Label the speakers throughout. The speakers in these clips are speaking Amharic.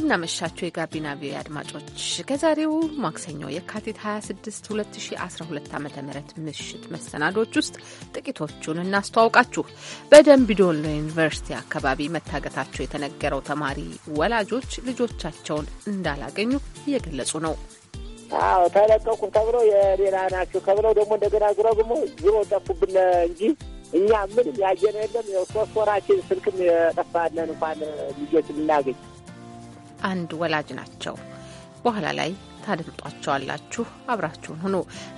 Speaker 1: እንደምናመሻቸው የጋቢና ቪኦኤ አድማጮች ከዛሬው ማክሰኞ የካቲት 26 2012 ዓ ም ምሽት መሰናዶች ውስጥ ጥቂቶቹን እናስተዋውቃችሁ። በደምቢዶሎ ዩኒቨርሲቲ አካባቢ መታገታቸው የተነገረው ተማሪ ወላጆች ልጆቻቸውን እንዳላገኙ እየገለጹ ነው።
Speaker 2: አዎ ተለቀቁ ተብለው የሌላ ናቸው ተብለው ደግሞ እንደገና ዙሮ ግሞ ዙሮ ጠፉብን እንጂ እኛ ምንም ያየነ የለም። ሶስት ወራችን ስልክም የጠፋለን እንኳን ልጆች ልናገኝ
Speaker 1: አንድ ወላጅ ናቸው። በኋላ ላይ ታደምጧቸዋላችሁ። አብራችሁን ሁኑ።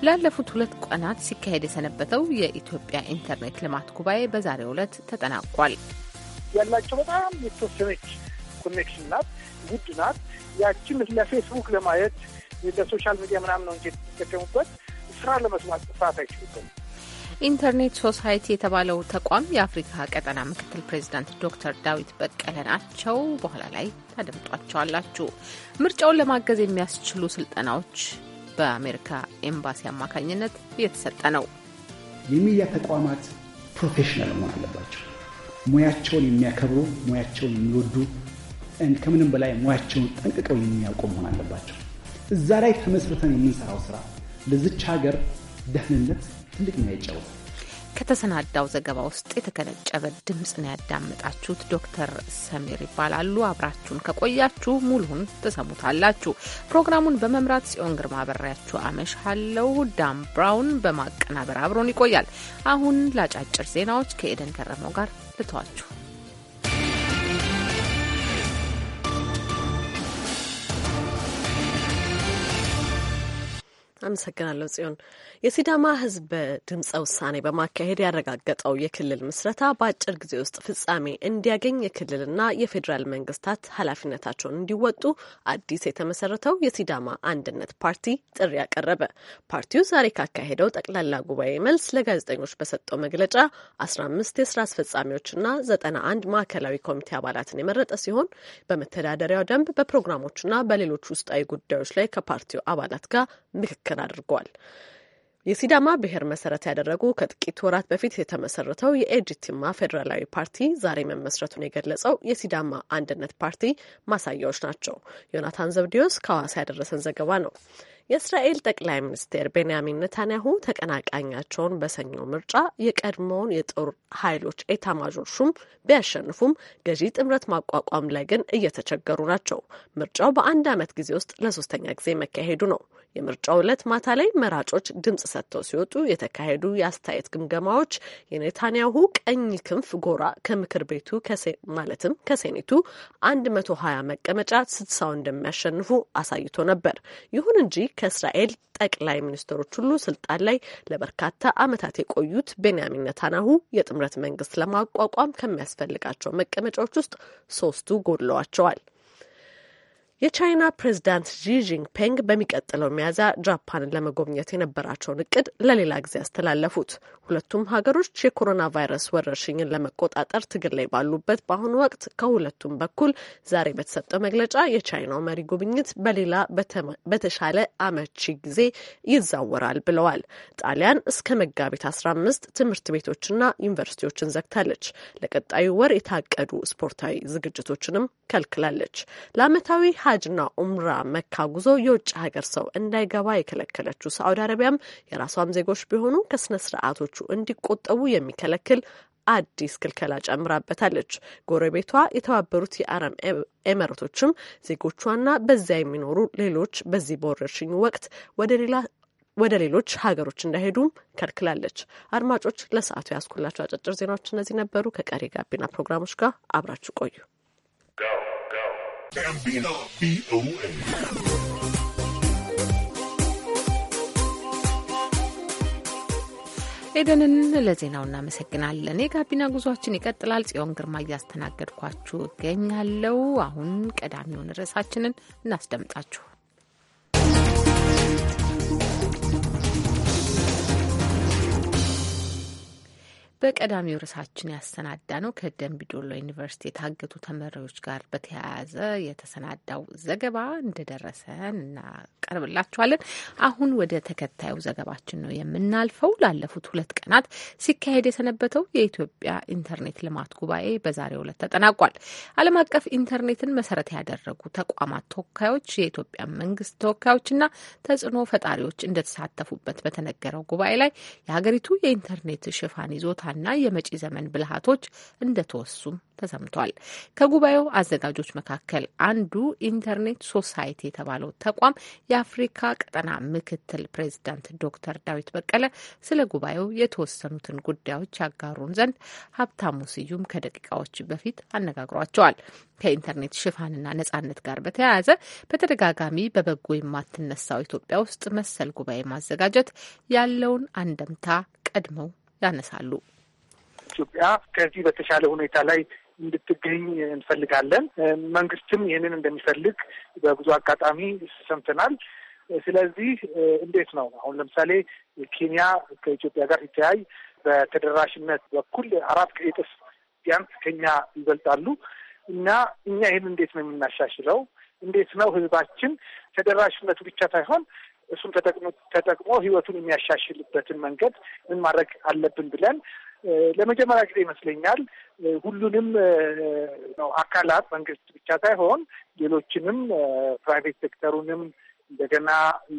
Speaker 1: ላለፉት ሁለት ቀናት ሲካሄድ የሰነበተው የኢትዮጵያ ኢንተርኔት ልማት ጉባኤ በዛሬው ዕለት ተጠናቋል።
Speaker 3: ያላቸው በጣም የተወሰነች ኮኔክሽን ናት፣ ውድ ናት። ያችን ለፌስቡክ ለማየት ለሶሻል ሚዲያ ምናምን ነው እንጂ የተጠቀሙበት ስራ ለመስማት ጥፋት አይችሉበት
Speaker 1: ኢንተርኔት ሶሳይቲ የተባለው ተቋም የአፍሪካ ቀጠና ምክትል ፕሬዚዳንት ዶክተር ዳዊት በቀለ ናቸው። በኋላ ላይ ታደምጧቸዋላችሁ። ምርጫውን ለማገዝ የሚያስችሉ ስልጠናዎች በአሜሪካ ኤምባሲ አማካኝነት እየተሰጠ ነው።
Speaker 4: የሚዲያ ተቋማት ፕሮፌሽናል መሆን አለባቸው። ሙያቸውን የሚያከብሩ ሙያቸውን የሚወዱ ከምንም በላይ ሙያቸውን ጠንቅቀው የሚያውቁ መሆን አለባቸው። እዛ ላይ ተመስርተን የምንሰራው ስራ ለዚች ሀገር ደህንነት ትልቅ ሚና ይጫወታል።
Speaker 1: ከተሰናዳው ዘገባ ውስጥ የተቀነጨበ ድምፅ ነው ያዳመጣችሁት። ዶክተር ሰሜር ይባላሉ። አብራችሁን ከቆያችሁ ሙሉን ትሰሙታላችሁ። ፕሮግራሙን በመምራት ጽዮን ግርማ አበሬያችሁ አመሻለሁ። ዳም ብራውን በማቀናበር አብሮን ይቆያል። አሁን ለአጫጭር ዜናዎች ከኤደን ገረመው ጋር ልተዋችሁ።
Speaker 5: አመሰግናለሁ ጽዮን። የሲዳማ ህዝብ በድምፀ ውሳኔ በማካሄድ ያረጋገጠው የክልል ምስረታ በአጭር ጊዜ ውስጥ ፍጻሜ እንዲያገኝ የክልልና የፌዴራል መንግስታት ኃላፊነታቸውን እንዲወጡ አዲስ የተመሰረተው የሲዳማ አንድነት ፓርቲ ጥሪ ያቀረበ ፓርቲው ዛሬ ካካሄደው ጠቅላላ ጉባኤ መልስ ለጋዜጠኞች በሰጠው መግለጫ አስራ አምስት የስራ አስፈጻሚዎችና ዘጠና አንድ ማዕከላዊ ኮሚቴ አባላትን የመረጠ ሲሆን በመተዳደሪያው ደንብ በፕሮግራሞችና በሌሎች ውስጣዊ ጉዳዮች ላይ ከፓርቲው አባላት ጋር ምክክል እንዲያመለክተን አድርጓል። የሲዳማ ብሔር መሰረት ያደረጉ ከጥቂት ወራት በፊት የተመሰረተው የኤጅቲማ ፌዴራላዊ ፓርቲ ዛሬ መመስረቱን የገለጸው የሲዳማ አንድነት ፓርቲ ማሳያዎች ናቸው። ዮናታን ዘብዲዮስ ከሐዋሳ ያደረሰን ዘገባ ነው። የእስራኤል ጠቅላይ ሚኒስትር ቤንያሚን ነታንያሁ ተቀናቃኛቸውን በሰኞ ምርጫ የቀድሞውን የጦር ኃይሎች ኤታማዦር ሹም ቢያሸንፉም ገዢ ጥምረት ማቋቋም ላይ ግን እየተቸገሩ ናቸው። ምርጫው በአንድ ዓመት ጊዜ ውስጥ ለሶስተኛ ጊዜ መካሄዱ ነው። የምርጫው ዕለት ማታ ላይ መራጮች ድምጽ ሰጥተው ሲወጡ የተካሄዱ የአስተያየት ግምገማዎች የኔታንያሁ ቀኝ ክንፍ ጎራ ከምክር ቤቱ ማለትም ከሴኔቱ 120 መቀመጫ ስድሳው እንደሚያሸንፉ አሳይቶ ነበር። ይሁን እንጂ ከእስራኤል ጠቅላይ ሚኒስትሮች ሁሉ ስልጣን ላይ ለበርካታ ዓመታት የቆዩት ቤንያሚን ነታናሁ የጥምረት መንግስት ለማቋቋም ከሚያስፈልጋቸው መቀመጫዎች ውስጥ ሶስቱ ጎድለዋቸዋል። የቻይና ፕሬዚዳንት ዢ ጂንፒንግ በሚቀጥለው ሚያዝያ ጃፓንን ለመጎብኘት የነበራቸውን እቅድ ለሌላ ጊዜ ያስተላለፉት ሁለቱም ሀገሮች የኮሮና ቫይረስ ወረርሽኝን ለመቆጣጠር ትግል ላይ ባሉበት በአሁኑ ወቅት ከሁለቱም በኩል ዛሬ በተሰጠው መግለጫ የቻይናው መሪ ጉብኝት በሌላ በተሻለ አመቺ ጊዜ ይዛወራል ብለዋል። ጣሊያን እስከ መጋቢት 15 ትምህርት ቤቶችና ዩኒቨርሲቲዎችን ዘግታለች። ለቀጣዩ ወር የታቀዱ ስፖርታዊ ዝግጅቶችንም ከልክላለች። ለአመታዊ ሀጅና ኡምራ መካ ጉዞ የውጭ ሀገር ሰው እንዳይገባ የከለከለችው ሳዑዲ አረቢያም የራሷም ዜጎች ቢሆኑ ከስነ ስርዓቶቹ እንዲቆጠቡ የሚከለክል አዲስ ክልከላ ጨምራበታለች። ጎረቤቷ የተባበሩት የአረብ ኤመረቶችም ዜጎቿና በዚያ የሚኖሩ ሌሎች በዚህ በወረርሽኙ ወቅት ወደ ሌላ ወደ ሌሎች ሀገሮች እንዳይሄዱም ከልክላለች። አድማጮች፣ ለሰዓቱ ያስኩላቸው አጫጭር ዜናዎች እነዚህ ነበሩ። ከቀሪ ጋቢና ፕሮግራሞች ጋር አብራችሁ ቆዩ።
Speaker 6: ጋቢና ቪኦኤ
Speaker 1: ኤደንን ለዜናው እናመሰግናለን። የጋቢና ጉዟችን ይቀጥላል። ጽዮን ግርማ እያስተናገድኳችሁ እገኛለሁ። አሁን ቀዳሚውን ርዕሳችንን እናስደምጣችሁ። በቀዳሚው ርዕሳችን ያሰናዳ ነው ከደንቢዶሎ ዩኒቨርሲቲ የታገቱ ተመሪዎች ጋር በተያያዘ የተሰናዳው ዘገባ እንደደረሰ እናቀርብላችኋለን። አሁን ወደ ተከታዩ ዘገባችን ነው የምናልፈው። ላለፉት ሁለት ቀናት ሲካሄድ የሰነበተው የኢትዮጵያ ኢንተርኔት ልማት ጉባኤ በዛሬው ዕለት ተጠናቋል። ዓለም አቀፍ ኢንተርኔትን መሰረት ያደረጉ ተቋማት ተወካዮች፣ የኢትዮጵያ መንግስት ተወካዮችና ተጽዕኖ ፈጣሪዎች እንደተሳተፉበት በተነገረው ጉባኤ ላይ የሀገሪቱ የኢንተርኔት ሽፋን ይዞታ ተስፋና የመጪ ዘመን ብልሃቶች እንደተወሱም ተሰምቷል። ከጉባኤው አዘጋጆች መካከል አንዱ ኢንተርኔት ሶሳይቲ የተባለው ተቋም የአፍሪካ ቀጠና ምክትል ፕሬዚዳንት ዶክተር ዳዊት በቀለ ስለ ጉባኤው የተወሰኑትን ጉዳዮች ያጋሩን ዘንድ ሀብታሙ ስዩም ከደቂቃዎች በፊት አነጋግሯቸዋል። ከኢንተርኔት ሽፋንና ነጻነት ጋር በተያያዘ በተደጋጋሚ በበጎ የማትነሳው ኢትዮጵያ ውስጥ መሰል ጉባኤ ማዘጋጀት ያለውን አንደምታ ቀድመው ያነሳሉ።
Speaker 3: ኢትዮጵያ ከዚህ በተሻለ ሁኔታ ላይ እንድትገኝ እንፈልጋለን። መንግስትም ይህንን እንደሚፈልግ በብዙ አጋጣሚ ሰምተናል። ስለዚህ እንዴት ነው አሁን ለምሳሌ ኬንያ ከኢትዮጵያ ጋር ሲተያይ በተደራሽነት በኩል አራት እጥፍ ቢያንስ ከኛ ይበልጣሉ እና እኛ ይህን እንዴት ነው የምናሻሽለው? እንዴት ነው ህዝባችን ተደራሽነቱ ብቻ ሳይሆን እሱም ተጠቅሞ ህይወቱን የሚያሻሽልበትን መንገድ ምን ማድረግ አለብን ብለን ለመጀመሪያ ጊዜ ይመስለኛል ሁሉንም ነው አካላት መንግስት ብቻ ሳይሆን ሌሎችንም ፕራይቬት ሴክተሩንም እንደገና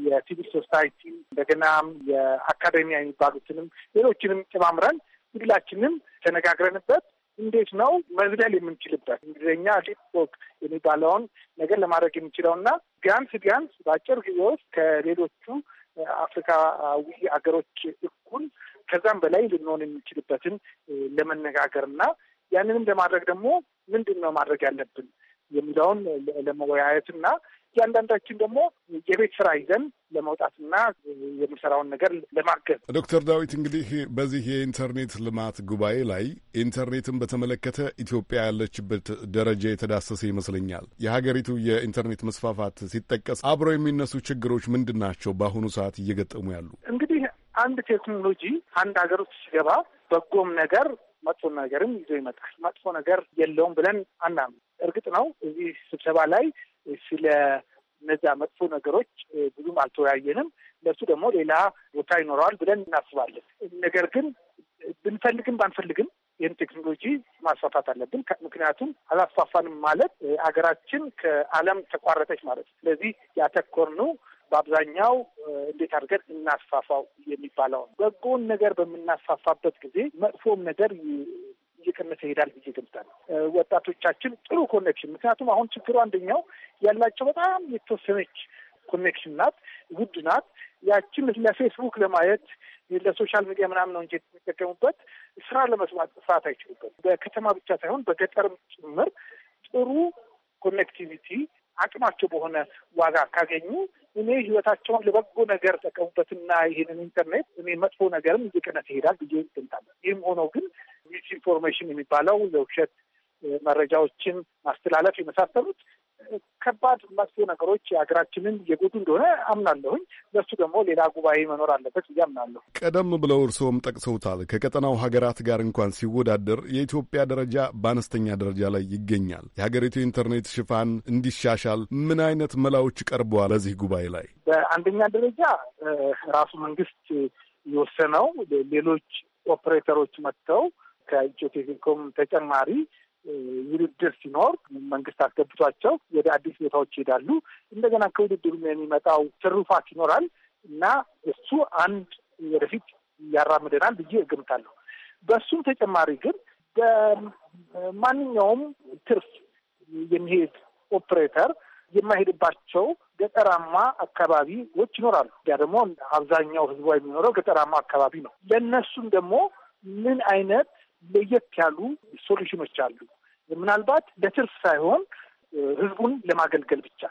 Speaker 3: የሲቪል ሶሳይቲ እንደገና የአካዴሚያ የሚባሉትንም ሌሎችንም ጨማምረን ሁላችንም ተነጋግረንበት እንዴት ነው መዝለል የምንችልበት እንግሊዝኛ ቲክቶክ የሚባለውን ነገር ለማድረግ የምንችለው እና ቢያንስ ቢያንስ በአጭር ጊዜ ውስጥ ከሌሎቹ አፍሪካዊ ሀገሮች እኩል ከዛም በላይ ልንሆን የምንችልበትን ለመነጋገር እና ያንንም ለማድረግ ደግሞ ምንድን ነው ማድረግ ያለብን የሚለውን ለመወያየት እና እያንዳንዳችን ደግሞ የቤት ስራ ይዘን ለመውጣትና የሚሰራውን ነገር ለማገዝ።
Speaker 7: ዶክተር ዳዊት እንግዲህ በዚህ የኢንተርኔት ልማት ጉባኤ ላይ ኢንተርኔትን በተመለከተ ኢትዮጵያ ያለችበት ደረጃ የተዳሰሰ ይመስለኛል። የሀገሪቱ የኢንተርኔት መስፋፋት ሲጠቀስ አብረው የሚነሱ ችግሮች ምንድን ናቸው? በአሁኑ ሰዓት እየገጠሙ ያሉ
Speaker 3: እንግዲህ አንድ ቴክኖሎጂ አንድ ሀገር ውስጥ ሲገባ በጎም ነገር መጥፎ ነገርም ይዞ ይመጣል። መጥፎ ነገር የለውም ብለን አናምን። እርግጥ ነው እዚህ ስብሰባ ላይ ስለ እነዚያ መጥፎ ነገሮች ብዙም አልተወያየንም። ለእሱ ደግሞ ሌላ ቦታ ይኖረዋል ብለን እናስባለን። ነገር ግን ብንፈልግም ባንፈልግም ይህን ቴክኖሎጂ ማስፋፋት አለብን። ምክንያቱም አላስፋፋንም ማለት አገራችን ከዓለም ተቋረጠች ማለት ነው። ስለዚህ ያተኮርነው በአብዛኛው እንዴት አድርገን እናስፋፋው የሚባለው በጎን ነገር በምናስፋፋበት ጊዜ መጥፎም ነገር እየቀነሰ ይሄዳል ብዬ ገምታለሁ። ወጣቶቻችን ጥሩ ኮኔክሽን ምክንያቱም አሁን ችግሩ አንደኛው ያላቸው በጣም የተወሰነች ኮኔክሽን ናት፣ ውድ ናት። ያችን ለፌስቡክ ለማየት ለሶሻል ሚዲያ ምናምን ነው እንጂ የተጠቀሙበት ስራ ለመስማት ስርዓት አይችሉበት። በከተማ ብቻ ሳይሆን በገጠርም ጭምር ጥሩ ኮኔክቲቪቲ አቅማቸው በሆነ ዋጋ ካገኙ እኔ ህይወታቸውን ለበጎ ነገር ጠቀሙበትና ይህንን ኢንተርኔት እኔ መጥፎ ነገርም እየቀነሰ ይሄዳል ብዬ ትንታለ። ይህም ሆኖ ግን ሚስ ኢንፎርሜሽን የሚባለው የውሸት መረጃዎችን ማስተላለፍ የመሳሰሉት ከባድ መጥፎ ነገሮች የሀገራችንን እየጎዱ እንደሆነ አምናለሁኝ። ለሱ ደግሞ ሌላ ጉባኤ መኖር አለበት ብዬ አምናለሁ።
Speaker 7: ቀደም ብለው እርስዎም ጠቅሰውታል። ከቀጠናው ሀገራት ጋር እንኳን ሲወዳደር የኢትዮጵያ ደረጃ በአነስተኛ ደረጃ ላይ ይገኛል። የሀገሪቱ ኢንተርኔት ሽፋን እንዲሻሻል ምን አይነት መላዎች ቀርበዋል? በዚህ ጉባኤ ላይ
Speaker 3: በአንደኛ ደረጃ ራሱ መንግስት የወሰነው ሌሎች ኦፕሬተሮች መጥተው ከኢትዮ ቴሌኮም ተጨማሪ ውድድር ሲኖር መንግስት አስገብቷቸው ወደ አዲስ ቦታዎች ይሄዳሉ። እንደገና ከውድድሩ የሚመጣው ትሩፋት ይኖራል እና እሱ አንድ ወደፊት ያራምደናል ብዬ እገምታለሁ። በእሱም ተጨማሪ ግን በማንኛውም ትርፍ የሚሄድ ኦፕሬተር የማይሄድባቸው ገጠራማ አካባቢዎች ይኖራሉ። ያ ደግሞ አብዛኛው ህዝቧ የሚኖረው ገጠራማ አካባቢ ነው። ለእነሱም ደግሞ ምን አይነት ለየት ያሉ ሶሉሽኖች አሉ። ምናልባት ለትርፍ ሳይሆን ህዝቡን ለማገልገል ብቻ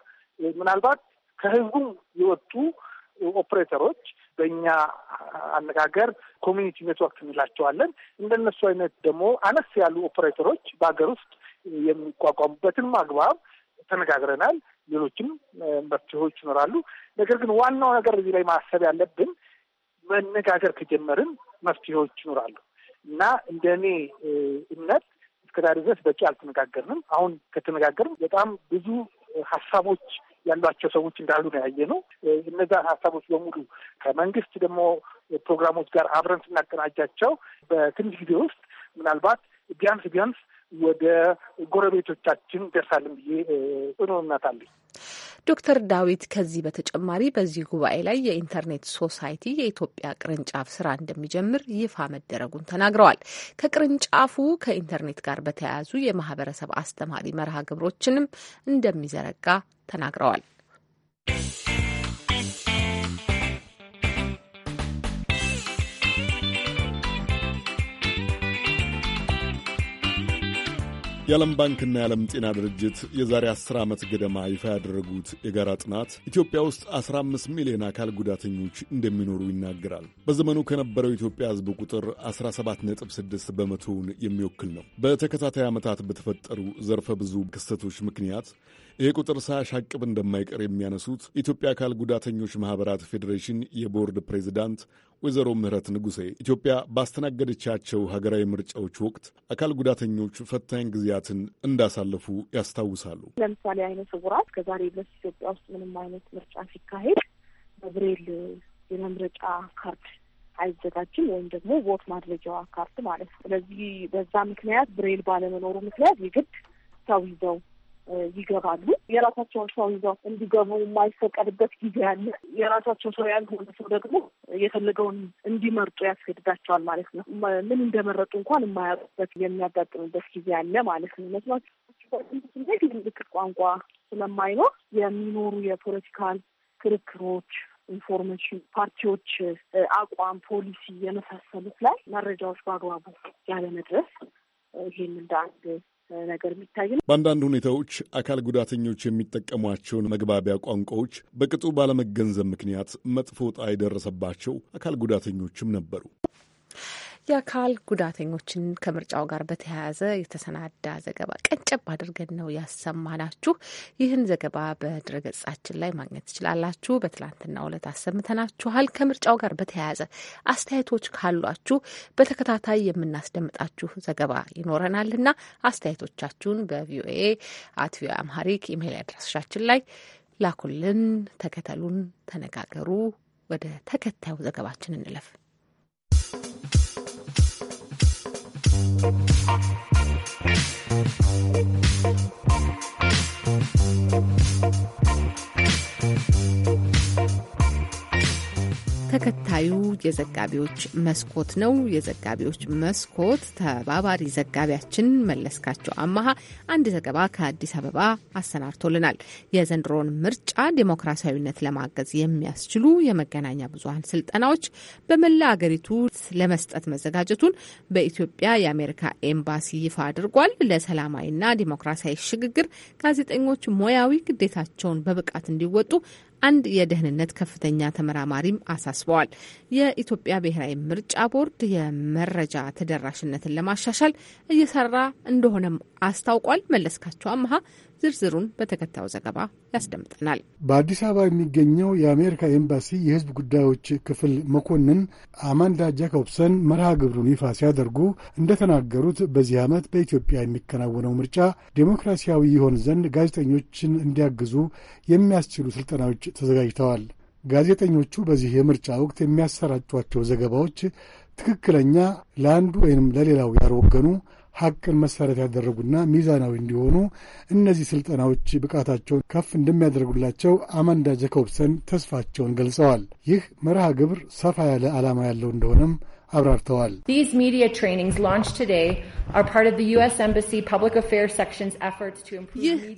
Speaker 3: ምናልባት ከህዝቡም የወጡ ኦፕሬተሮች በእኛ አነጋገር ኮሚኒቲ ኔትወርክ እንላቸዋለን። እንደነሱ አይነት ደግሞ አነስ ያሉ ኦፕሬተሮች በሀገር ውስጥ የሚቋቋሙበትን አግባብ ተነጋግረናል። ሌሎችም መፍትሄዎች ይኖራሉ። ነገር ግን ዋናው ነገር እዚህ ላይ ማሰብ ያለብን መነጋገር ከጀመርን መፍትሄዎች ይኖራሉ። እና እንደ እኔ እምነት እስከዛሬ ድረስ በቂ አልተነጋገርንም። አሁን ከተነጋገርም በጣም ብዙ ሀሳቦች ያሏቸው ሰዎች እንዳሉ ነው ያየ ነው። እነዛ ሀሳቦች በሙሉ ከመንግስት ደግሞ ፕሮግራሞች ጋር አብረን ስናቀናጃቸው በትንሽ ጊዜ ውስጥ ምናልባት ቢያንስ ቢያንስ ወደ ጎረቤቶቻችን ደርሳለን ብዬ ጽኑ እምነት አለኝ።
Speaker 1: ዶክተር ዳዊት ከዚህ በተጨማሪ በዚህ ጉባኤ ላይ የኢንተርኔት ሶሳይቲ የኢትዮጵያ ቅርንጫፍ ስራ እንደሚጀምር ይፋ መደረጉን ተናግረዋል። ከቅርንጫፉ ከኢንተርኔት ጋር በተያያዙ የማህበረሰብ አስተማሪ መርሃ ግብሮችንም እንደሚዘረጋ ተናግረዋል።
Speaker 7: የዓለም ባንክና የዓለም ጤና ድርጅት የዛሬ 10 ዓመት ገደማ ይፋ ያደረጉት የጋራ ጥናት ኢትዮጵያ ውስጥ 15 ሚሊዮን አካል ጉዳተኞች እንደሚኖሩ ይናገራል። በዘመኑ ከነበረው ኢትዮጵያ ሕዝብ ቁጥር 17.6 በመቶውን የሚወክል ነው። በተከታታይ ዓመታት በተፈጠሩ ዘርፈ ብዙ ክስተቶች ምክንያት ይህ ቁጥር ሳያሻቅብ እንደማይቀር የሚያነሱት የኢትዮጵያ አካል ጉዳተኞች ማህበራት ፌዴሬሽን የቦርድ ፕሬዚዳንት ወይዘሮ ምህረት ንጉሴ ኢትዮጵያ ባስተናገደቻቸው ሀገራዊ ምርጫዎች ወቅት አካል ጉዳተኞች ፈታኝ ጊዜያትን እንዳሳለፉ ያስታውሳሉ።
Speaker 3: ለምሳሌ አይነ ስውራት ከዛሬ ድረስ ኢትዮጵያ ውስጥ ምንም አይነት ምርጫ ሲካሄድ በብሬል የመምረጫ ካርድ አይዘጋጅም ወይም ደግሞ ቦት ማድረጊያዋ ካርድ ማለት ነው። ስለዚህ በዛ ምክንያት ብሬል ባለመኖሩ ምክንያት የግድ ሰው ይዘው ይገባሉ። የራሳቸውን ሰው ይዘው እንዲገቡ የማይፈቀድበት ጊዜ አለ። የራሳቸው ሰው ያልሆነ ሰው ደግሞ የፈለገውን እንዲመርጡ ያስገድዳቸዋል ማለት ነው። ምን እንደመረጡ እንኳን የማያውቁበት የሚያጋጥምበት ጊዜ አለ ማለት ነው። መስማት ምልክት ቋንቋ ስለማይኖር የሚኖሩ የፖለቲካል ክርክሮች ኢንፎርሜሽን፣ ፓርቲዎች አቋም፣ ፖሊሲ የመሳሰሉት ላይ መረጃዎች በአግባቡ ያለመድረስ ይህን እንደ አንድ ነገር የሚታይ ነው።
Speaker 7: በአንዳንድ ሁኔታዎች አካል ጉዳተኞች የሚጠቀሟቸውን መግባቢያ ቋንቋዎች በቅጡ ባለመገንዘብ ምክንያት መጥፎ ዕጣ የደረሰባቸው አካል ጉዳተኞችም ነበሩ።
Speaker 1: የአካል ጉዳተኞችን ከምርጫው ጋር በተያያዘ የተሰናዳ ዘገባ ቀንጨብ አድርገን ነው ያሰማናችሁ። ይህን ዘገባ በድረገጻችን ላይ ማግኘት ትችላላችሁ። በትላንትናው ዕለት አሰምተናችኋል። ከምርጫው ጋር በተያያዘ አስተያየቶች ካሏችሁ በተከታታይ የምናስደምጣችሁ ዘገባ ይኖረናልና አስተያየቶቻችሁን በቪኦኤ አት ቪኦኤ አምሃሪክ ኢሜይል አድራሻችን ላይ ላኩልን። ተከተሉን፣ ተነጋገሩ። ወደ ተከታዩ ዘገባችን እንለፍ። Thank you. ተከታዩ የዘጋቢዎች መስኮት ነው። የዘጋቢዎች መስኮት ተባባሪ ዘጋቢያችን መለስካቸው አማሃ አንድ ዘገባ ከአዲስ አበባ አሰናድቶልናል። የዘንድሮን ምርጫ ዴሞክራሲያዊነት ለማገዝ የሚያስችሉ የመገናኛ ብዙሀን ስልጠናዎች በመላ አገሪቱ ለመስጠት መዘጋጀቱን በኢትዮጵያ የአሜሪካ ኤምባሲ ይፋ አድርጓል። ለሰላማዊና ዲሞክራሲያዊ ሽግግር ጋዜጠኞች ሙያዊ ግዴታቸውን በብቃት እንዲወጡ አንድ የደህንነት ከፍተኛ ተመራማሪም አሳስበዋል። የኢትዮጵያ ብሔራዊ ምርጫ ቦርድ የመረጃ ተደራሽነትን ለማሻሻል እየሰራ እንደሆነም አስታውቋል። መለስካቸው አመሀ ዝርዝሩን በተከታዩ ዘገባ ያስደምጠናል።
Speaker 8: በአዲስ አበባ የሚገኘው የአሜሪካ ኤምባሲ የህዝብ ጉዳዮች ክፍል መኮንን አማንዳ ጃኮብሰን መርሃ ግብሩን ይፋ ሲያደርጉ እንደተናገሩት በዚህ ዓመት በኢትዮጵያ የሚከናወነው ምርጫ ዴሞክራሲያዊ ይሆን ዘንድ ጋዜጠኞችን እንዲያግዙ የሚያስችሉ ስልጠናዎች ተዘጋጅተዋል። ጋዜጠኞቹ በዚህ የምርጫ ወቅት የሚያሰራጯቸው ዘገባዎች ትክክለኛ፣ ለአንዱ ወይንም ለሌላው ያልወገኑ ሀቅን መሰረት ያደረጉና ሚዛናዊ እንዲሆኑ እነዚህ ስልጠናዎች ብቃታቸውን ከፍ እንደሚያደርጉላቸው አማንዳ ጀኮብሰን ተስፋቸውን ገልጸዋል። ይህ መርሃ ግብር ሰፋ ያለ ዓላማ ያለው እንደሆነም አብራርተዋል።
Speaker 1: ይህ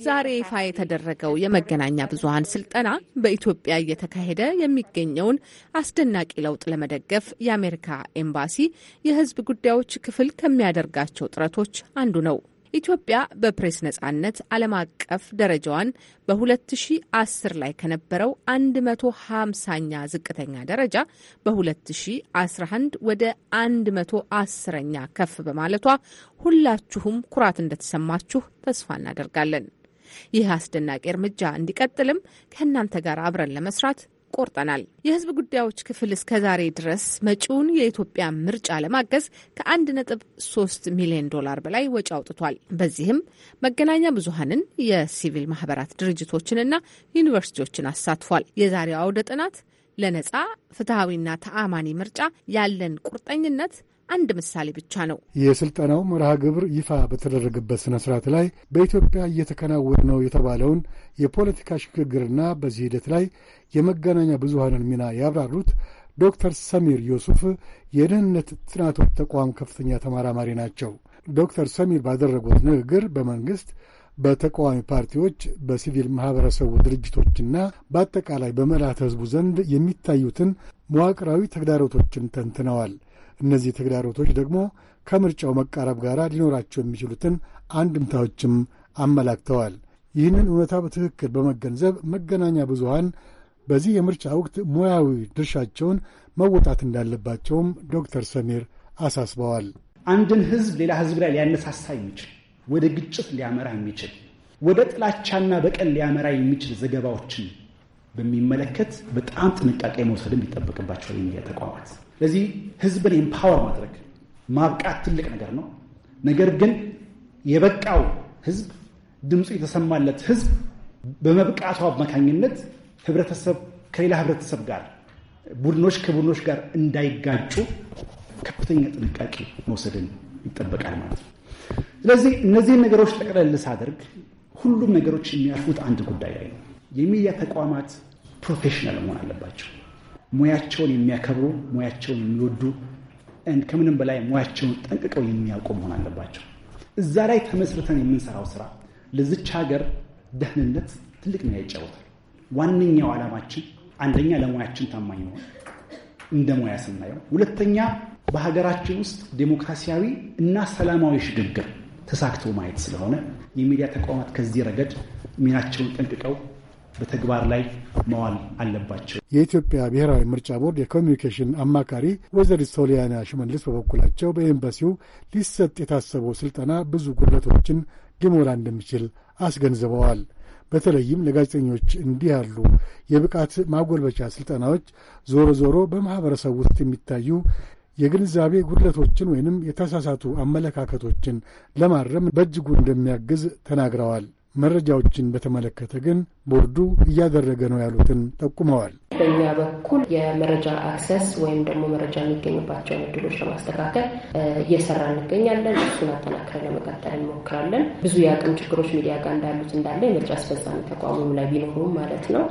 Speaker 1: ዛሬ ይፋ የተደረገው የመገናኛ ብዙሀን ስልጠና በኢትዮጵያ እየተካሄደ የሚገኘውን አስደናቂ ለውጥ ለመደገፍ የአሜሪካ ኤምባሲ የሕዝብ ጉዳዮች ክፍል ከሚያደርጋቸው ጥረቶች አንዱ ነው። ኢትዮጵያ በፕሬስ ነጻነት ዓለም አቀፍ ደረጃዋን በ2010 ላይ ከነበረው 150ኛ ዝቅተኛ ደረጃ በ2011 ወደ 110ኛ ከፍ በማለቷ ሁላችሁም ኩራት እንደተሰማችሁ ተስፋ እናደርጋለን። ይህ አስደናቂ እርምጃ እንዲቀጥልም ከእናንተ ጋር አብረን ለመስራት ቆርጠናል። የህዝብ ጉዳዮች ክፍል እስከ ዛሬ ድረስ መጪውን የኢትዮጵያ ምርጫ ለማገዝ ከ1.3 ሚሊዮን ዶላር በላይ ወጪ አውጥቷል። በዚህም መገናኛ ብዙሀንን፣ የሲቪል ማህበራት ድርጅቶችንና ዩኒቨርሲቲዎችን አሳትፏል። የዛሬው አውደ ጥናት ለነጻ ፍትሐዊና ተአማኒ ምርጫ ያለን ቁርጠኝነት አንድ ምሳሌ ብቻ
Speaker 8: ነው። የስልጠናው መርሃ ግብር ይፋ በተደረገበት ስነ ስርዓት ላይ በኢትዮጵያ እየተከናወነ ነው የተባለውን የፖለቲካ ሽግግርና በዚህ ሂደት ላይ የመገናኛ ብዙሃንን ሚና ያብራሩት ዶክተር ሰሚር ዮሱፍ የደህንነት ጥናቶች ተቋም ከፍተኛ ተመራማሪ ናቸው። ዶክተር ሰሚር ባደረጉት ንግግር በመንግስት በተቃዋሚ ፓርቲዎች፣ በሲቪል ማኅበረሰቡ ድርጅቶችና በአጠቃላይ በመላት ህዝቡ ዘንድ የሚታዩትን መዋቅራዊ ተግዳሮቶችን ተንትነዋል። እነዚህ ተግዳሮቶች ደግሞ ከምርጫው መቃረብ ጋር ሊኖራቸው የሚችሉትን አንድምታዎችም አመላክተዋል። ይህንን እውነታ በትክክል በመገንዘብ መገናኛ ብዙሃን በዚህ የምርጫ ወቅት ሙያዊ
Speaker 4: ድርሻቸውን መወጣት እንዳለባቸውም ዶክተር ሰሜር አሳስበዋል። አንድን ሕዝብ ሌላ ሕዝብ ላይ ሊያነሳሳ የሚችል ወደ ግጭት ሊያመራ የሚችል ወደ ጥላቻና በቀል ሊያመራ የሚችል ዘገባዎችን በሚመለከት በጣም ጥንቃቄ መውሰድም ይጠበቅባቸዋል የሚዲያ ተቋማት ስለዚህ ህዝብን ኤምፓወር ማድረግ ማብቃት ትልቅ ነገር ነው። ነገር ግን የበቃው ህዝብ ድምፁ የተሰማለት ህዝብ በመብቃቱ አማካኝነት ህብረተሰብ ከሌላ ህብረተሰብ ጋር ቡድኖች ከቡድኖች ጋር እንዳይጋጩ ከፍተኛ ጥንቃቄ መውሰድን ይጠበቃል ማለት ነው። ስለዚህ እነዚህን ነገሮች ጠቅለል ሳደርግ ሁሉም ነገሮች የሚያልፉት አንድ ጉዳይ ላይ ነው። የሚዲያ ተቋማት ፕሮፌሽናል መሆን አለባቸው። ሙያቸውን የሚያከብሩ ሙያቸውን የሚወዱ ከምንም በላይ ሙያቸውን ጠንቅቀው የሚያውቁ መሆን አለባቸው። እዛ ላይ ተመስርተን የምንሰራው ስራ ለዚች ሀገር ደህንነት ትልቅ ሚና ይጫወታል። ዋነኛው ዓላማችን አንደኛ ለሙያችን ታማኝ መሆን እንደ ሙያ ስናየው፣ ሁለተኛ በሀገራችን ውስጥ ዴሞክራሲያዊ እና ሰላማዊ ሽግግር ተሳክቶ ማየት ስለሆነ የሚዲያ ተቋማት ከዚህ ረገድ ሚናቸውን ጠንቅቀው በተግባር ላይ መዋል አለባቸው። የኢትዮጵያ
Speaker 8: ብሔራዊ ምርጫ ቦርድ የኮሚኒኬሽን አማካሪ ወይዘሪት ሶሊያና ሽመልስ በበኩላቸው በኤምባሲው ሊሰጥ የታሰበው ስልጠና ብዙ ጉድለቶችን ሊሞላ እንደሚችል አስገንዝበዋል። በተለይም ለጋዜጠኞች እንዲህ ያሉ የብቃት ማጎልበቻ ስልጠናዎች ዞሮ ዞሮ በማኅበረሰብ ውስጥ የሚታዩ የግንዛቤ ጉድለቶችን ወይንም የተሳሳቱ አመለካከቶችን ለማረም በእጅጉ እንደሚያግዝ ተናግረዋል። መረጃዎችን በተመለከተ ግን ቦርዱ እያደረገ ነው ያሉትን ጠቁመዋል።
Speaker 1: በእኛ በኩል የመረጃ አክሰስ ወይም ደግሞ መረጃ የሚገኝባቸውን እድሎች ለማስተካከል እየሰራ እንገኛለን። እሱን አጠናክረን ለመቀጠል እንሞክራለን። ብዙ የአቅም ችግሮች ሚዲያ ጋር እንዳሉት እንዳለ የምርጫ አስፈጻሚ ተቋሙም ላይ ቢኖሩም ማለት ነው።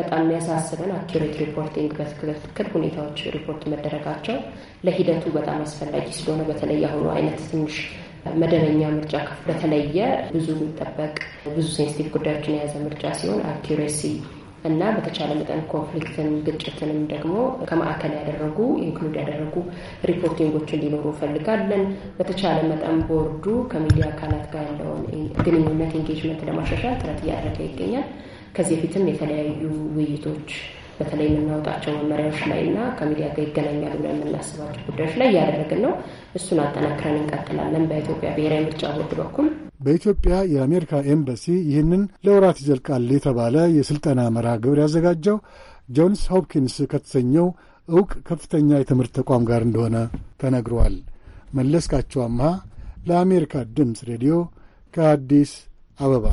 Speaker 1: በጣም የሚያሳስበን አኪሬት ሪፖርቲንግ በትክክል ሁኔታዎች ሪፖርት መደረጋቸው ለሂደቱ በጣም አስፈላጊ ስለሆነ በተለይ አሁኑ አይነት ትንሽ መደበኛ ምርጫ በተለየ ብዙ የሚጠበቅ ብዙ ሴንስቲቭ ጉዳዮችን የያዘ ምርጫ ሲሆን አኪሬሲ እና በተቻለ መጠን ኮንፍሊክትን፣ ግጭትንም ደግሞ ከማዕከል ያደረጉ ኢንክሉድ ያደረጉ ሪፖርቲንጎች እንዲኖሩ እንፈልጋለን። በተቻለ መጠን ቦርዱ ከሚዲያ አካላት ጋር ያለውን ግንኙነት ኢንጌጅመንት ለማሻሻል ጥረት እያደረገ ይገኛል። ከዚህ በፊትም የተለያዩ ውይይቶች በተለይ የምናወጣቸው መመሪያዎች ላይ እና ከሚዲያ ጋር ይገናኛሉ ብለን የምናስባቸው ጉዳዮች ላይ እያደረግን ነው። እሱን አጠናክረን እንቀጥላለን። በኢትዮጵያ ብሔራዊ ምርጫ ቦርድ በኩል
Speaker 8: በኢትዮጵያ የአሜሪካ ኤምባሲ ይህንን ለወራት ይዘልቃል የተባለ የስልጠና መርሃ ግብር ያዘጋጀው ጆንስ ሆፕኪንስ ከተሰኘው እውቅ ከፍተኛ የትምህርት ተቋም ጋር እንደሆነ ተነግሯል። መለስካቸው አምሃ ለአሜሪካ ድምፅ ሬዲዮ ከአዲስ አበባ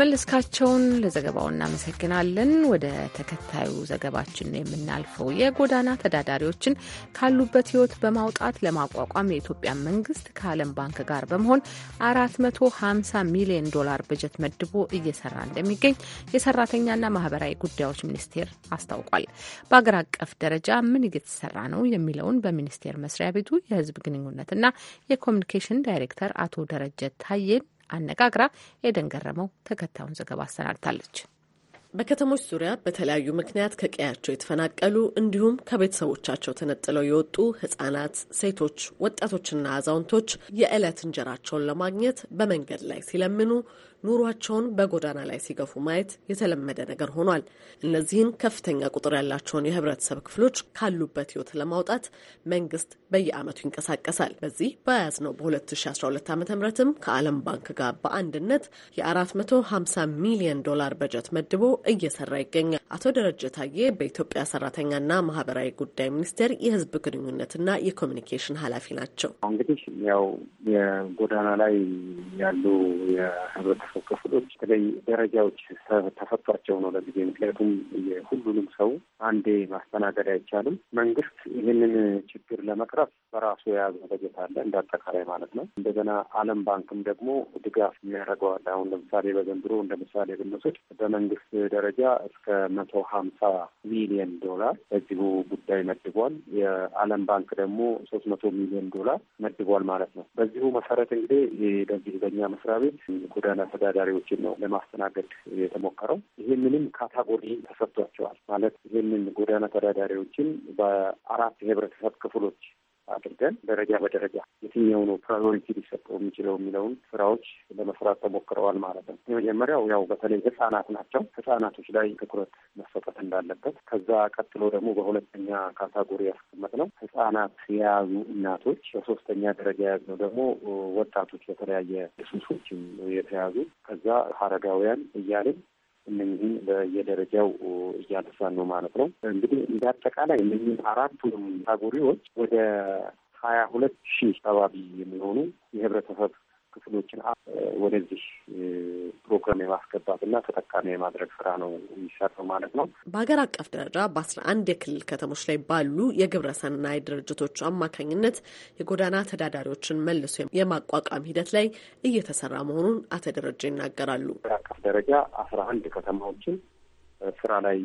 Speaker 1: መለስካቸውን ለዘገባው እናመሰግናለን። ወደ ተከታዩ ዘገባችን ነው የምናልፈው። የጎዳና ተዳዳሪዎችን ካሉበት ህይወት በማውጣት ለማቋቋም የኢትዮጵያ መንግስት ከዓለም ባንክ ጋር በመሆን 450 ሚሊዮን ዶላር በጀት መድቦ እየሰራ እንደሚገኝ የሰራተኛና ማህበራዊ ጉዳዮች ሚኒስቴር አስታውቋል። በአገር አቀፍ ደረጃ ምን እየተሰራ ነው የሚለውን በሚኒስቴር መስሪያ ቤቱ የህዝብ ግንኙነትና የኮሚኒኬሽን ዳይሬክተር አቶ ደረጀ ታዬን አነጋግራ ኤደን ገረመው ተከታዩን ዘገባ አሰናድታለች።
Speaker 5: በከተሞች ዙሪያ በተለያዩ ምክንያት ከቀያቸው የተፈናቀሉ እንዲሁም ከቤተሰቦቻቸው ተነጥለው የወጡ ህጻናት፣ ሴቶች፣ ወጣቶችና አዛውንቶች የዕለት እንጀራቸውን ለማግኘት በመንገድ ላይ ሲለምኑ ኑሯቸውን በጎዳና ላይ ሲገፉ ማየት የተለመደ ነገር ሆኗል። እነዚህን ከፍተኛ ቁጥር ያላቸውን የህብረተሰብ ክፍሎች ካሉበት ህይወት ለማውጣት መንግስት በየአመቱ ይንቀሳቀሳል። በዚህ በያዝነው በ2012 ዓ ምትም ከዓለም ባንክ ጋር በአንድነት የ450 ሚሊዮን ዶላር በጀት መድቦ እየሰራ ይገኛል። አቶ ደረጀ ታዬ በኢትዮጵያ ሰራተኛና ማህበራዊ ጉዳይ ሚኒስቴር የህዝብ ግንኙነትና የኮሚኒኬሽን ኃላፊ ናቸው።
Speaker 6: እንግዲህ ያው የጎዳና ላይ
Speaker 3: ያሉ የህብረተሰብ
Speaker 6: ያላቸው ክፍሎች በተለይ ደረጃዎች ተፈቷቸው ነው ለጊዜ። ምክንያቱም የሁሉንም ሰው አንዴ ማስተናገድ አይቻልም። መንግስት ይህንን ችግር ለመቅረፍ በራሱ የያዘ በጀት አለ እንደ አጠቃላይ ማለት ነው። እንደገና ዓለም ባንክም ደግሞ ድጋፍ የሚያደርገዋል። አሁን ለምሳሌ በዘንድሮ እንደ ምሳሌ ብንወስድ በመንግስት ደረጃ እስከ መቶ ሀምሳ ሚሊዮን ዶላር በዚሁ ጉዳይ መድቧል። የዓለም ባንክ ደግሞ ሶስት መቶ ሚሊዮን ዶላር መድቧል ማለት ነው። በዚሁ መሰረት እንግዲህ በዚህ በእኛ መስሪያ ቤት ጎዳና አስተዳዳሪዎችን ነው ለማስተናገድ የተሞከረው። ይህንንም ካታጎሪ ተሰጥቷቸዋል ማለት ይህንን ጎዳና ተዳዳሪዎችን በአራት የህብረተሰብ ክፍሎች አድርገን ደረጃ በደረጃ የትኛው ነው ፕራዮሪቲ ሊሰጠው የሚችለው የሚለውን ስራዎች ለመስራት ተሞክረዋል ማለት ነው። የመጀመሪያው ያው በተለይ ህጻናት ናቸው። ህጻናቶች ላይ ትኩረት መሰጠት እንዳለበት፣ ከዛ ቀጥሎ ደግሞ በሁለተኛ ካታጎሪ ያስቀመጥ ነው ህጻናት የያዙ እናቶች፣ በሶስተኛ ደረጃ የያዝነው ደግሞ ወጣቶች በተለያየ ሱሶችም የተያዙ ከዛ አረጋውያን እያልን እነዚህን በየደረጃው እያነሳን ነው ማለት ነው። እንግዲህ እንደ አጠቃላይ እነዚህ አራቱንም ካታጎሪዎች ወደ ሀያ ሁለት ሺህ አካባቢ የሚሆኑ የህብረተሰብ ክፍሎችን ወደዚህ ፕሮግራም የማስገባት እና ተጠቃሚ የማድረግ ስራ ነው የሚሰራው ማለት ነው።
Speaker 5: በሀገር አቀፍ ደረጃ በአስራ አንድ የክልል ከተሞች ላይ ባሉ የግብረ ሰናይ ድርጅቶች አማካኝነት የጎዳና ተዳዳሪዎችን መልሶ የማቋቋም ሂደት ላይ እየተሰራ መሆኑን አቶ ደረጀ ይናገራሉ። በሀገር
Speaker 6: አቀፍ ደረጃ አስራ አንድ ከተማዎችን ስራ ላይ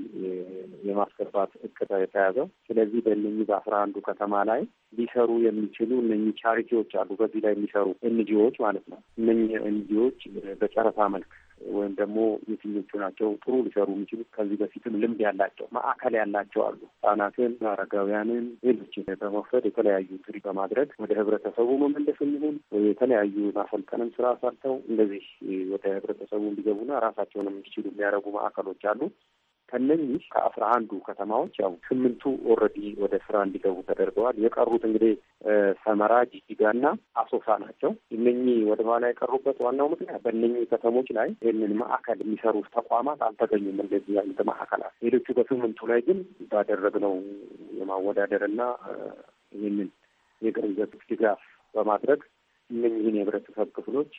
Speaker 6: የማስገባት እቅድ የተያዘው። ስለዚህ በእነኚህ በአስራ አንዱ ከተማ ላይ ሊሰሩ የሚችሉ እነኚህ ቻሪቲዎች አሉ። በዚህ ላይ የሚሰሩ ኤንጂዎች ማለት ነው። እነኚህ ኤንጂዎች በጨረታ መልክ ወይም ደግሞ የትኞቹ ናቸው ጥሩ ሊሰሩ የሚችሉት ከዚህ በፊትም ልምድ ያላቸው ማዕከል ያላቸው አሉ። ህጻናትን፣ አረጋውያንን፣ ሌሎችን በመውሰድ የተለያዩ ትሪ በማድረግ ወደ ህብረተሰቡ መመለስ የሚሆን የተለያዩ ማሰልጠንም ስራ ሰርተው እንደዚህ ወደ ህብረተሰቡ እንዲገቡና ራሳቸውን የሚችሉ የሚያደርጉ ማዕከሎች አሉ። ከነኚህ ከአስራ አንዱ ከተማዎች ያው ስምንቱ ኦልሬዲ ወደ ስራ እንዲገቡ ተደርገዋል። የቀሩት እንግዲህ ሰመራ፣ ጅጅጋና አሶሳ ናቸው። እነኚህ ወደ ኋላ የቀሩበት ዋናው ምክንያት በእነኚህ ከተሞች ላይ ይህንን ማዕከል የሚሰሩ ተቋማት አልተገኙም። እንደዚህ አይነት ማዕከላት ሌሎቹ በስምንቱ ላይ ግን ባደረግነው የማወዳደርና ይህንን የገንዘብ ድጋፍ በማድረግ እነኚህን የህብረተሰብ ክፍሎች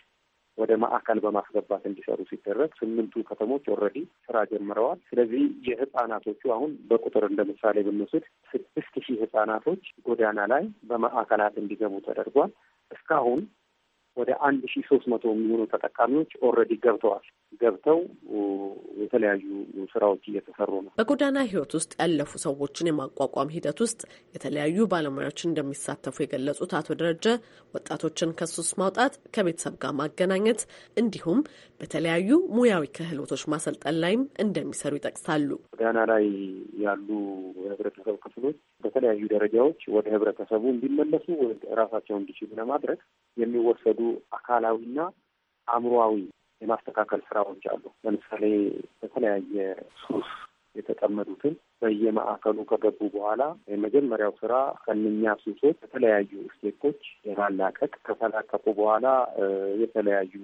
Speaker 6: ወደ ማዕከል በማስገባት እንዲሰሩ ሲደረግ ስምንቱ ከተሞች ኦልሬዲ ስራ ጀምረዋል። ስለዚህ የህጻናቶቹ አሁን በቁጥር እንደ ምሳሌ ብንወስድ ስድስት ሺህ ህጻናቶች ጎዳና ላይ በማዕከላት እንዲገቡ ተደርጓል። እስካሁን ወደ አንድ ሺህ ሶስት መቶ የሚሆኑ ተጠቃሚዎች ኦልሬዲ ገብተዋል። ገብተው የተለያዩ ስራዎች እየተሰሩ ነው።
Speaker 5: በጎዳና ህይወት ውስጥ ያለፉ ሰዎችን የማቋቋም ሂደት ውስጥ የተለያዩ ባለሙያዎች እንደሚሳተፉ የገለጹት አቶ ደረጀ ወጣቶችን ከሱስ ማውጣት፣ ከቤተሰብ ጋር ማገናኘት እንዲሁም በተለያዩ ሙያዊ ክህሎቶች ማሰልጠን ላይም እንደሚሰሩ ይጠቅሳሉ።
Speaker 6: ጎዳና ላይ ያሉ የህብረተሰብ ክፍሎች በተለያዩ ደረጃዎች ወደ ህብረተሰቡ እንዲመለሱ ራሳቸውን እንዲችሉ ለማድረግ የሚወሰዱ አካላዊና አምሮዊ። የማስተካከል ስራዎች አሉ። ለምሳሌ በተለያየ ሱስ የተጠመዱትን በየማዕከሉ ከገቡ በኋላ የመጀመሪያው ስራ ከእነኛ ሱሶች በተለያዩ ስቴፖች የማላቀቅ ከተላቀቁ በኋላ የተለያዩ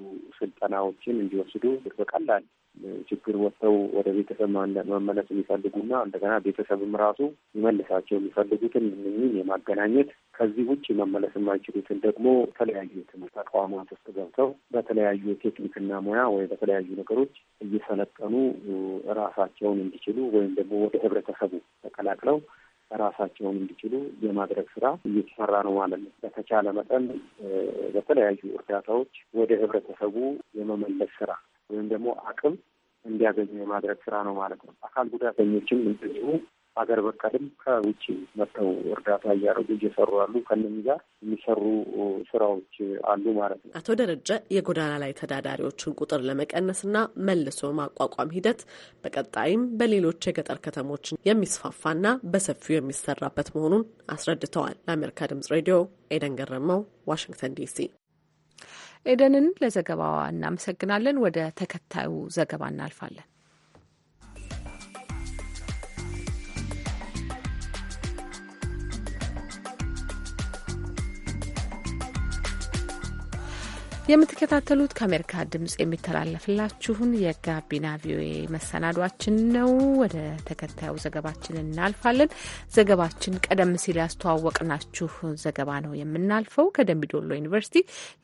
Speaker 6: ስልጠናዎችን እንዲወስዱ በቀላል ችግር ወጥተው ወደ ቤተሰብ መመለስ የሚፈልጉና እንደገና ቤተሰብም ራሱ ይመልሳቸው የሚፈልጉትን እነኝን የማገናኘት ከዚህ ውጭ መመለስ የማይችሉትን ደግሞ የተለያዩ ትምህርት ተቋማት ውስጥ ገብተው በተለያዩ ቴክኒክና ሙያ ወይ በተለያዩ ነገሮች እየሰለጠኑ ራሳቸውን እንዲችሉ ወይም ደግሞ ወደ ህብረተሰቡ ተቀላቅለው ራሳቸውን እንዲችሉ የማድረግ ስራ እየተሰራ ነው ማለት ነው። በተቻለ መጠን በተለያዩ እርዳታዎች ወደ ህብረተሰቡ የመመለስ ስራ ወይም ደግሞ አቅም እንዲያገኙ የማድረግ ስራ ነው ማለት ነው። አካል ጉዳተኞችም እንደዚሁ ሀገር በቀልም ከውጭ መጥተው እርዳታ እያደረጉ እየሰሩ አሉ። ከእነኚህ ጋር የሚሰሩ ስራዎች አሉ ማለት ነው።
Speaker 5: አቶ ደረጀ የጎዳና ላይ ተዳዳሪዎችን ቁጥር ለመቀነስና መልሶ ማቋቋም ሂደት በቀጣይም በሌሎች የገጠር ከተሞችን የሚስፋፋና በሰፊው የሚሰራበት መሆኑን አስረድተዋል። ለአሜሪካ ድምጽ ሬዲዮ ኤደን ገረመው ዋሽንግተን ዲሲ።
Speaker 1: ኤደንን ለዘገባዋ እናመሰግናለን። ወደ ተከታዩ ዘገባ እናልፋለን። የምትከታተሉት ከአሜሪካ ድምጽ የሚተላለፍላችሁን የጋቢና ቪኦኤ መሰናዷችን ነው። ወደ ተከታዩ ዘገባችን እናልፋለን። ዘገባችን ቀደም ሲል ያስተዋወቅናችሁ ዘገባ ነው የምናልፈው። ከደምቢዶሎ ዩኒቨርሲቲ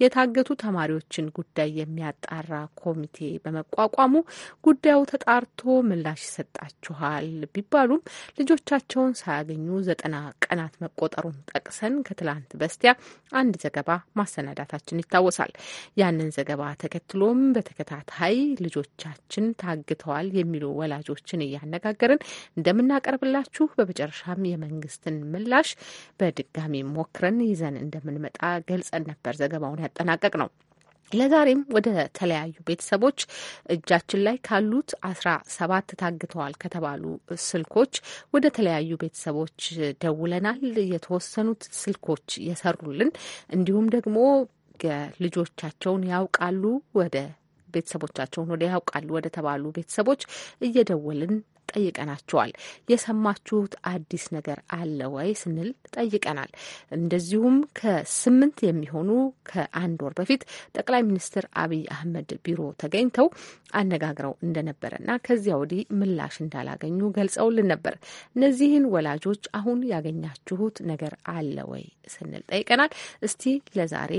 Speaker 1: የታገቱ ተማሪዎችን ጉዳይ የሚያጣራ ኮሚቴ በመቋቋሙ ጉዳዩ ተጣርቶ ምላሽ ይሰጣችኋል ቢባሉም ልጆቻቸውን ሳያገኙ ዘጠና ቀናት መቆጠሩን ጠቅሰን ከትላንት በስቲያ አንድ ዘገባ ማሰናዳታችን ይታወሳል። ያንን ዘገባ ተከትሎም በተከታታይ ልጆቻችን ታግተዋል የሚሉ ወላጆችን እያነጋገርን እንደምናቀርብላችሁ በመጨረሻም የመንግስትን ምላሽ በድጋሚ ሞክረን ይዘን እንደምንመጣ ገልጸን ነበር ዘገባውን ያጠናቀቅ ነው። ለዛሬም ወደ ተለያዩ ቤተሰቦች እጃችን ላይ ካሉት አስራ ሰባት ታግተዋል ከተባሉ ስልኮች ወደ ተለያዩ ቤተሰቦች ደውለናል። የተወሰኑት ስልኮች የሰሩልን እንዲሁም ደግሞ ልጆቻቸውን ያውቃሉ ወደ ቤተሰቦቻቸውን ወደ ያውቃሉ ወደ ተባሉ ቤተሰቦች እየደወልን ጠይቀናቸዋል። የሰማችሁት አዲስ ነገር አለ ወይ ስንል ጠይቀናል። እንደዚሁም ከስምንት የሚሆኑ ከአንድ ወር በፊት ጠቅላይ ሚኒስትር አብይ አህመድ ቢሮ ተገኝተው አነጋግረው እንደነበረና ከዚያ ወዲህ ምላሽ እንዳላገኙ ገልጸውልን ነበር። እነዚህን ወላጆች አሁን ያገኛችሁት ነገር አለ ወይ ስንል ጠይቀናል። እስቲ ለዛሬ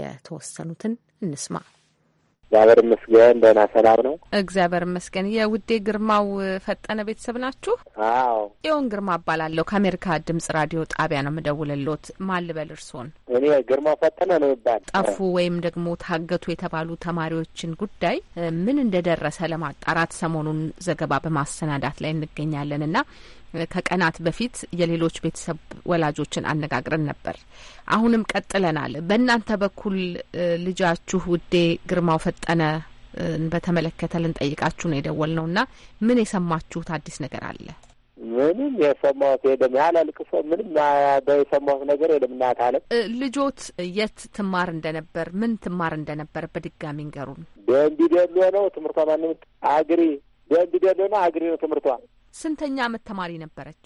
Speaker 1: የተወሰኑትን እንስማ። እግዚአብሔር ይመስገን ደህና ሰላም ነው። እግዚአብሔር ይመስገን። የውዴ ግርማው ፈጠነ ቤተሰብ ናችሁ? አዎ። ጽዮን ግርማ እባላለሁ። ከአሜሪካ ድምጽ ራዲዮ ጣቢያ ነው የምደውልልዎት። ማን ልበል እርስዎን?
Speaker 2: እኔ ግርማ ፈጠነ ነው ይባል። ጠፉ
Speaker 1: ወይም ደግሞ ታገቱ የተባሉ ተማሪዎችን ጉዳይ ምን እንደደረሰ ለማጣራት ሰሞኑን ዘገባ በማሰናዳት ላይ እንገኛለን እና ከቀናት በፊት የሌሎች ቤተሰብ ወላጆችን አነጋግረን ነበር። አሁንም ቀጥለናል። በእናንተ በኩል ልጃችሁ ውዴ ግርማው ፈጠነ በተመለከተ ልንጠይቃችሁ ነው የደወል ነው እና ምን የሰማችሁት አዲስ ነገር አለ?
Speaker 2: ምንም የሰማሁት የለም። ያለ ልቅሶ ምንም የሰማሁት ነገር የለም። እናት አለ
Speaker 1: ልጆት የት ትማር እንደነበር ምን ትማር እንደነበር በድጋሚ ንገሩን።
Speaker 2: ደንቢ ነው ትምህርቷ። ማንም አግሪ ደንቢ ነው አግሪ ነው ትምህርቷ።
Speaker 1: ስንተኛ አመት ተማሪ ነበረች?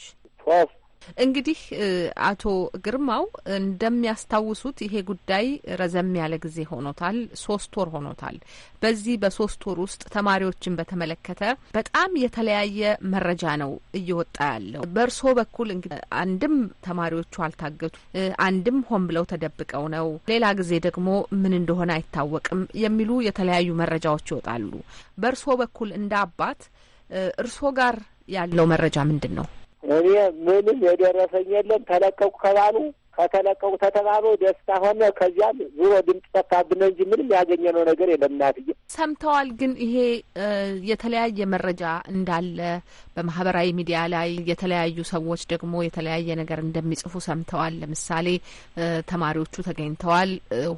Speaker 1: እንግዲህ አቶ ግርማው እንደሚያስታውሱት ይሄ ጉዳይ ረዘም ያለ ጊዜ ሆኖታል። ሶስት ወር ሆኖታል። በዚህ በሶስት ወር ውስጥ ተማሪዎችን በተመለከተ በጣም የተለያየ መረጃ ነው እየወጣ ያለው። በእርስዎ በኩል አንድም ተማሪዎቹ አልታገቱ፣ አንድም ሆን ብለው ተደብቀው ነው፣ ሌላ ጊዜ ደግሞ ምን እንደሆነ አይታወቅም የሚሉ የተለያዩ መረጃዎች ይወጣሉ። በእርስዎ በኩል እንደ አባት እርሶ ጋር
Speaker 2: ያለው መረጃ ምንድን ነው? እኔ ምንም የደረሰኝ የለም። ተለቀቁ ከባሉ ከተለቀቁ ተተባበው ደስታ ሆነ። ከዚያም ዙሮ ድምፅ ጠፋብን እንጂ ምንም ያገኘነው ነገር የለም። እናትዬ
Speaker 1: ሰምተዋል። ግን ይሄ የተለያየ መረጃ እንዳለ በማህበራዊ ሚዲያ ላይ የተለያዩ ሰዎች ደግሞ የተለያየ ነገር እንደሚጽፉ ሰምተዋል። ለምሳሌ ተማሪዎቹ ተገኝተዋል፣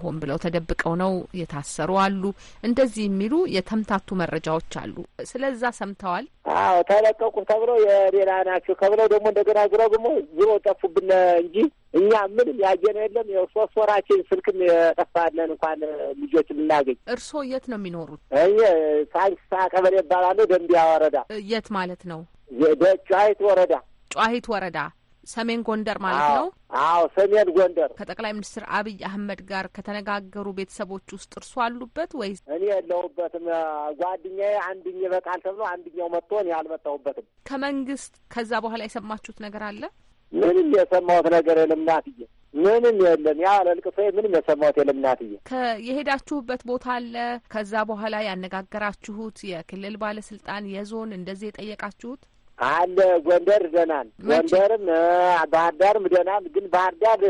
Speaker 1: ሆን ብለው ተደብቀው ነው የታሰሩ አሉ፣ እንደዚህ የሚሉ የተምታቱ መረጃዎች አሉ። ስለዛ ሰምተዋል። አዎ
Speaker 2: ተለቀቁ ተብለው የሌላ ናቸው ከብለው ደግሞ እንደገና ግረው ደግሞ ዙሮ ጠፉብን እንጂ እኛ ምንም ያየነ የለም። የሶስት ወራችን ስልክም የጠፋለን እንኳን ልጆች ልናገኝ።
Speaker 1: እርስዎ የት ነው የሚኖሩት?
Speaker 2: እኔ ሳንኪሳ ቀበሌ እባላለሁ፣ ደንቢያ
Speaker 1: ወረዳ። የት ማለት ነው? ጨዋሂት ወረዳ። ጨዋሂት ወረዳ ሰሜን ጎንደር ማለት ነው። አዎ ሰሜን ጎንደር። ከጠቅላይ ሚኒስትር አብይ አህመድ ጋር ከተነጋገሩ ቤተሰቦች ውስጥ እርሶ አሉበት ወይስ?
Speaker 2: እኔ የለሁበትም። ጓደኛዬ አንድኝ በቃል ተብሎ አንድኛው መጥቶ እኔ አልመጣሁበትም።
Speaker 1: ከመንግስት ከዛ በኋላ የሰማችሁት ነገር አለ? ምንም
Speaker 2: የሰማሁት ነገር የለም እናትዬ፣ ምንም የለም። ያ ለልቅሶ ምንም የሰማሁት የለም እናትዬ።
Speaker 1: የሄዳችሁበት ቦታ አለ? ከዛ በኋላ ያነጋገራችሁት የክልል ባለስልጣን፣ የዞን እንደዚህ የጠየቃችሁት
Speaker 2: አለ? ጎንደር ደናን፣ ጎንደርም ባህር ዳርም ደናን። ግን ባህር ዳር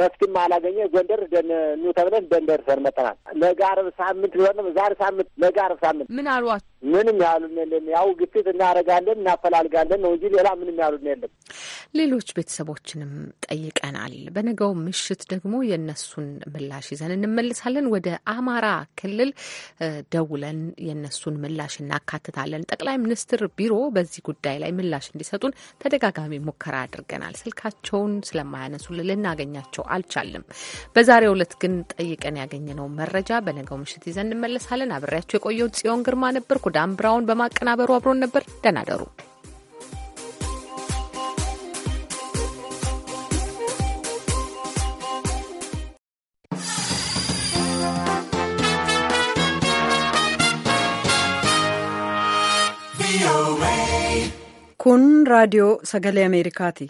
Speaker 2: መፍትም አላገኘ ጎንደር ደን ኑ ተብለን ደንደር ሰን መጠናል። ነገ አርብ ሳምንት ቢሆንም ዛሬ ሳምንት ነገ አርብ ሳምንት ምን አሏት? ምንም ያሉን የለም። ያው ግፊት እናደርጋለን እናፈላልጋለን ነው እንጂ ሌላ ምንም ያሉን የለም።
Speaker 1: ሌሎች ቤተሰቦችንም ጠይቀናል። በነገው ምሽት ደግሞ የእነሱን ምላሽ ይዘን እንመልሳለን። ወደ አማራ ክልል ደውለን የእነሱን ምላሽ እናካትታለን። ጠቅላይ ሚኒስትር ቢሮ በዚህ ጉዳይ ላይ ምላሽ እንዲሰጡን ተደጋጋሚ ሙከራ አድርገናል። ስልካቸውን ስለማያነሱ ልናገኛቸው አልቻልም። በዛሬው ዕለት ግን ጠይቀን ያገኘነው መረጃ በነገው ምሽት ይዘን እንመለሳለን። አብሬያቸው የቆየው ጽዮን ግርማ ነበርኩ። ዳን ብራውን በማቀናበሩ አብሮን ነበር። ደህና ደሩ።
Speaker 5: kun raadiyoo sagalee ameerikaati.